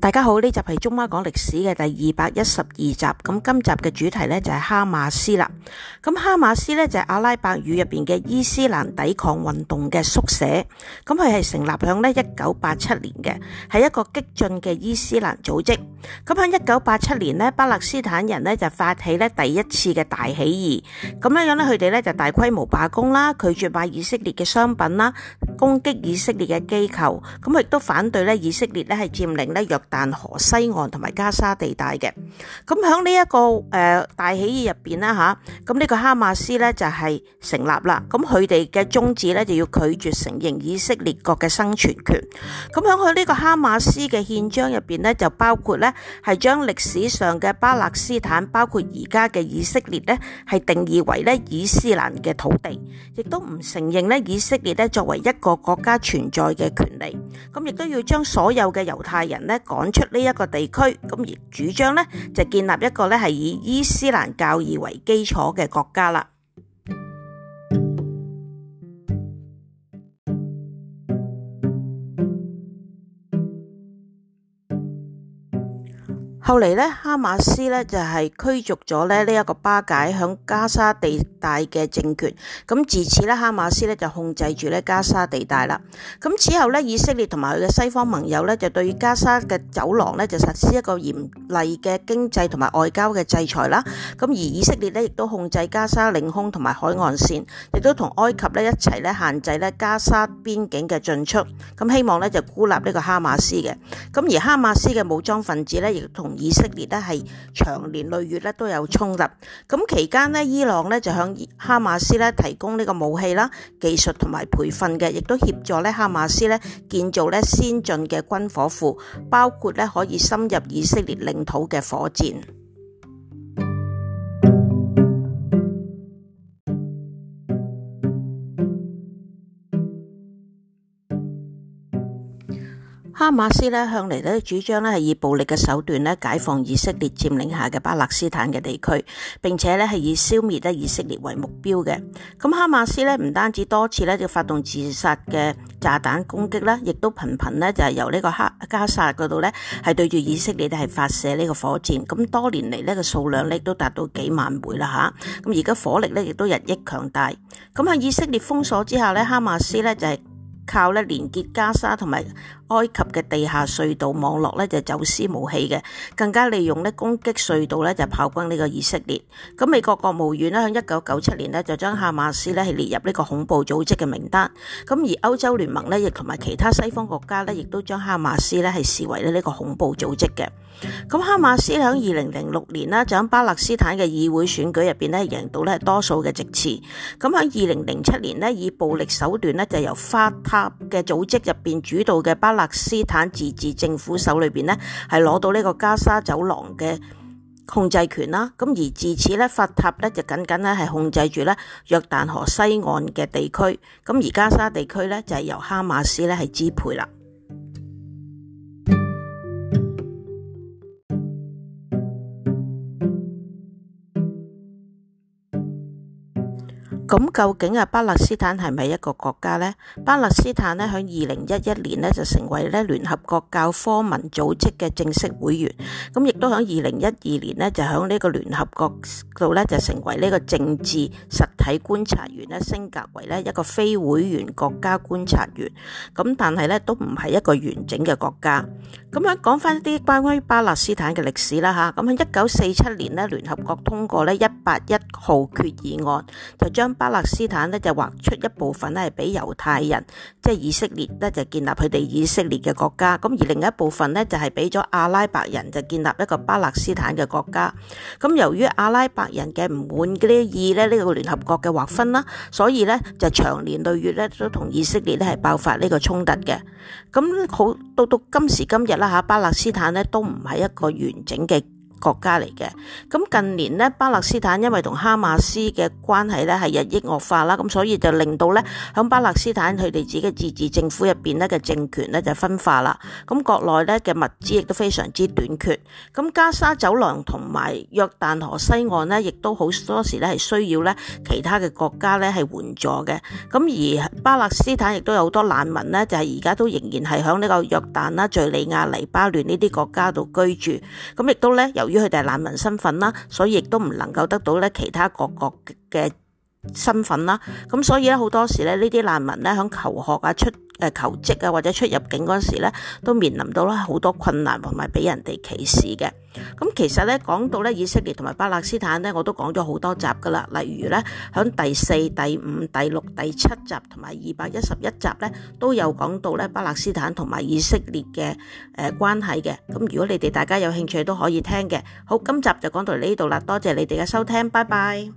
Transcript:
大家好，呢集係中媽講歷史嘅第二百一十二集。咁今集嘅主題呢就係哈馬斯啦。咁哈馬斯呢就係阿拉伯語入邊嘅伊斯蘭抵抗運動嘅縮寫。咁佢係成立響呢一九八七年嘅，係一個激進嘅伊斯蘭組織。咁響一九八七年呢，巴勒斯坦人呢就發起呢第一次嘅大起義。咁樣樣呢，佢哋呢就大規模罷工啦，拒絕買以色列嘅商品啦，攻擊以色列嘅機構。咁亦都反對呢以色列呢係佔領呢約。但河西岸同埋加沙地帶嘅。咁響呢一個誒、呃、大起義入邊啦吓，咁呢個哈馬斯咧就係成立啦，咁佢哋嘅宗旨咧就要拒絕承認以色列國嘅生存權，咁響佢呢個哈馬斯嘅憲章入邊咧，就包括咧係將歷史上嘅巴勒斯坦，包括而家嘅以色列咧，係定義為咧伊斯蘭嘅土地，亦都唔承認咧以色列咧作為一個國家存在嘅權利。咁亦都要將所有嘅猶太人咧趕出呢一個地區，咁而主張咧就建立一個咧係以伊斯蘭教義為基礎嘅國家啦。後嚟咧，哈馬斯咧就係驅逐咗咧呢一個巴解響加沙地帶嘅政權，咁自此咧，哈馬斯咧就控制住咧加沙地帶啦。咁此後咧，以色列同埋佢嘅西方盟友咧就對加沙嘅走廊咧就實施一個嚴厲嘅經濟同埋外交嘅制裁啦。咁而以色列咧亦都控制加沙領空同埋海岸線，亦都同埃及咧一齊咧限制咧加沙邊境嘅進出。咁希望咧就孤立呢個哈馬斯嘅。咁而哈馬斯嘅武裝分子咧亦同。以色列咧係長年累月咧都有衝突，咁期間咧，伊朗咧就向哈馬斯咧提供呢個武器啦、技術同埋培訓嘅，亦都協助咧哈馬斯咧建造咧先進嘅軍火庫，包括咧可以深入以色列領土嘅火箭。哈馬斯咧向嚟咧主張咧係以暴力嘅手段咧解放以色列佔領下嘅巴勒斯坦嘅地區，並且咧係以消滅咧以色列為目標嘅。咁哈馬斯咧唔單止多次咧就發動自殺嘅炸彈攻擊咧，亦都頻頻咧就係由呢個加沙嗰度咧係對住以色列咧係發射呢個火箭。咁多年嚟呢個數量咧都達到幾萬枚啦嚇。咁而家火力咧亦都日益強大。咁喺以色列封鎖之下，咧，哈馬斯咧就係靠咧連結加沙同埋。埃及嘅地下隧道網絡咧就走私武器嘅，更加利用呢攻擊隧道咧就炮轟呢個以色列。咁美國國務院呢，喺一九九七年呢，就將哈馬斯咧係列入呢個恐怖組織嘅名單。咁而歐洲聯盟呢，亦同埋其他西方國家呢，亦都將哈馬斯呢係視為呢個恐怖組織嘅。咁哈馬斯喺二零零六年呢，就喺巴勒斯坦嘅議會選舉入邊呢，贏到咧多數嘅席次。咁喺二零零七年呢，以暴力手段呢，就由法塔嘅組織入邊主導嘅巴勒巴勒斯坦自治政府手裏邊呢，係攞到呢個加沙走廊嘅控制權啦，咁而自此呢，法塔呢就緊緊呢，係控制住呢約旦河西岸嘅地區，咁而加沙地區呢，就係由哈馬斯呢，係支配啦。咁究竟啊巴勒斯坦係咪一個國家呢？巴勒斯坦咧，喺二零一一年咧就成為咧聯合國教科文組織嘅正式會員，咁亦都喺二零一二年咧就喺呢個聯合國度咧就成為呢個政治實體觀察員咧，升格為咧一個非會員國家觀察員，咁但係咧都唔係一個完整嘅國家。咁樣講翻啲關於巴勒斯坦嘅歷史啦吓，咁喺一九四七年咧，聯合國通過呢一八一號決議案就將。巴勒斯坦咧就劃出一部分咧係俾猶太人，即係以色列咧就建立佢哋以色列嘅國家，咁而另一部分咧就係俾咗阿拉伯人就建立一個巴勒斯坦嘅國家。咁由於阿拉伯人嘅唔滿嗰啲意咧，呢個聯合國嘅劃分啦，所以咧就長年累月咧都同以色列咧係爆發呢個衝突嘅。咁好到到今時今日啦吓，巴勒斯坦咧都唔係一個完整嘅。國家嚟嘅，咁近年呢，巴勒斯坦因為同哈馬斯嘅關係咧係日益惡化啦，咁所以就令到咧喺巴勒斯坦佢哋自己自治政府入邊咧嘅政權咧就分化啦，咁國內咧嘅物資亦都非常之短缺，咁加沙走廊同埋約旦河西岸呢，亦都好多時咧係需要咧其他嘅國家咧係援助嘅，咁而巴勒斯坦亦都有好多難民呢，就係而家都仍然係喺呢個約旦啦、敘利亞、黎巴嫩呢啲國家度居住，咁亦都咧由。由於佢哋係難民身份啦，所以亦都唔能夠得到咧其他各國嘅身份啦。咁所以咧好多時咧呢啲難民咧響求學啊出。誒、求職啊，或者出入境嗰陣時咧，都面臨到咧好多困難同埋俾人哋歧視嘅。咁其實咧，講到咧以色列同埋巴勒斯坦咧，我都講咗好多集㗎喇。例如咧，響第四、第五、第六、第七集同埋二百一十一集咧，都有講到咧巴勒斯坦同埋以色列嘅誒、呃、關係嘅。咁如果你哋大家有興趣都可以聽嘅。好，今集就講到呢度啦，多謝你哋嘅收聽，拜拜。